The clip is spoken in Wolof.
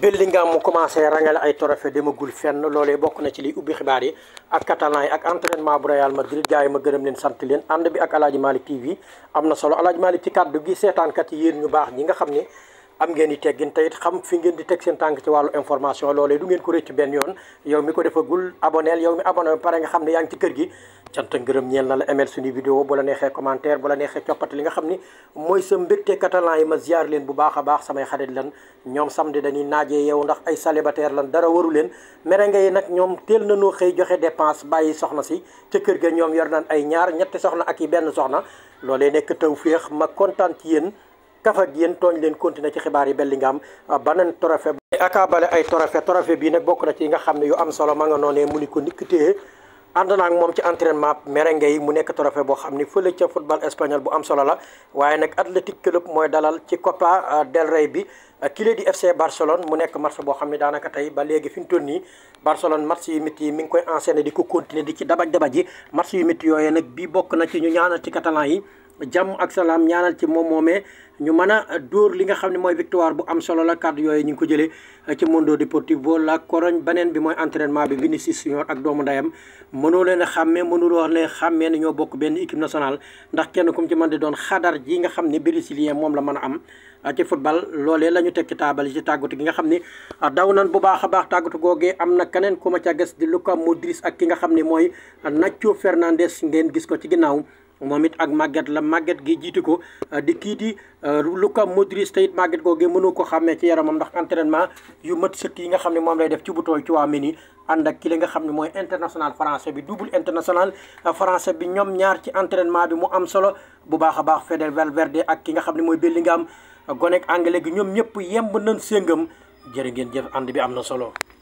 Bellingham mu commencé rangale ay trophée demagul fenn loole bokk na ci liy ubbi xibaar yi ak catalan yi ak entraînement bu Real Madrid gars yi gërëm leen sant leen ànd bi ak Aladji Malick TV am na solo Aladji Malick ci kàddu gi seetaankat yi yéen ñu baax ñi nga xam ne am ngeen i teggin teyit xam fi ngeen di teg seen tànk ci wàllu information loolee du ngeen ko rëcc benn yoon yow mi ko defagul aboneel yow mi abonné pare nga xam ne yaa ngi ci kër gi cant ngërëm ñeel na la aimel suñu vidéo bu la neexee commentaire bu neexee coppate nga xam ni mooy sa mbégte catalan yi ma ziar leen bu baax a baax samay xarit lan ñoom samedi dañuy naajee yow ndax ay célibataire lan dara waru leen merengue yi nag ñoom teel nañoo xëy joxe dépense bàyyi soxna si ca kër ga ñoom yor nañ ay ñaar ñetti soxna ak yi benn soxna loolee nekk taw féex ma kontaan ci yéen caffe ak yéen tooñ leen continuer ci xibaar yi Bellingham ah, beneen trophée akaabale ay trophée trophée bii nag bokk na ci yi nga xam ne yu am solo ma nga noonee mu ni ko nikk téye ànd naa ak moom ci entraînement merengue yi mu nekk trophée boo xam ni fële ca football espagnol bu am solo la waaye nag Athletic Club mooy dalal ci Copa ah, del Rey bi ah, kile di FC Barcelone mu nekk match boo xam ne daanaka tey ba léegi fi mu toll nii Barcelone match yu métti yi mi ngi koy enchaîner di ko continuer di ci dabaj dabaj yi match yu métti yooyu bokk na ci ñu ñaanal ci catalan yi jàmm ak salaam ñaanal ci moom moomee ñu mën a dóor li nga xam ne mooy victoire bu am solo la kàddu yooyu ñu ngi ko jëlee ci Mondo Deportivo La Corogne beneen bi mooy entraînement bi Vinicius Junior ak doomu ndayam mënoo leen a xàmmee mënul wax ne xàmmee ne ñoo bokk benn équipe nationale ndax kenn ku mu ci mën di doon xadar ji nga xam ne brésilien moom la mën a am ci football loolee la ñu tekki taabal yi ci tàggatu gi nga xam ne daw nan bu baax a baax tàggatu googee am na keneen ku ma ca gis di Luka Modric ak ki nga xam ne mooy Nacho Fernandes ngeen gis ko ci ginnaaw moom it ak màgget la màgget gi jiitu ko euh, di kii di euh, Luka Modric te it màgget googu mënoo ko xàmmee ci yaramam ndax entraînement yu mat sëkk yi nga xam ne moom lay def ci bu tooy ci waa Mali ànd ak ki li nga xam ne mooy international français bi double international euh, français bi ñoom ñaar ci entraînement bi mu am solo bu baax a baax Fede Valverde ak ki nga xam ne mooy nga am gonek anglais gi ñoom ñëpp yemb nañ séngam jërë ngeen jëf ànd bi am na solo.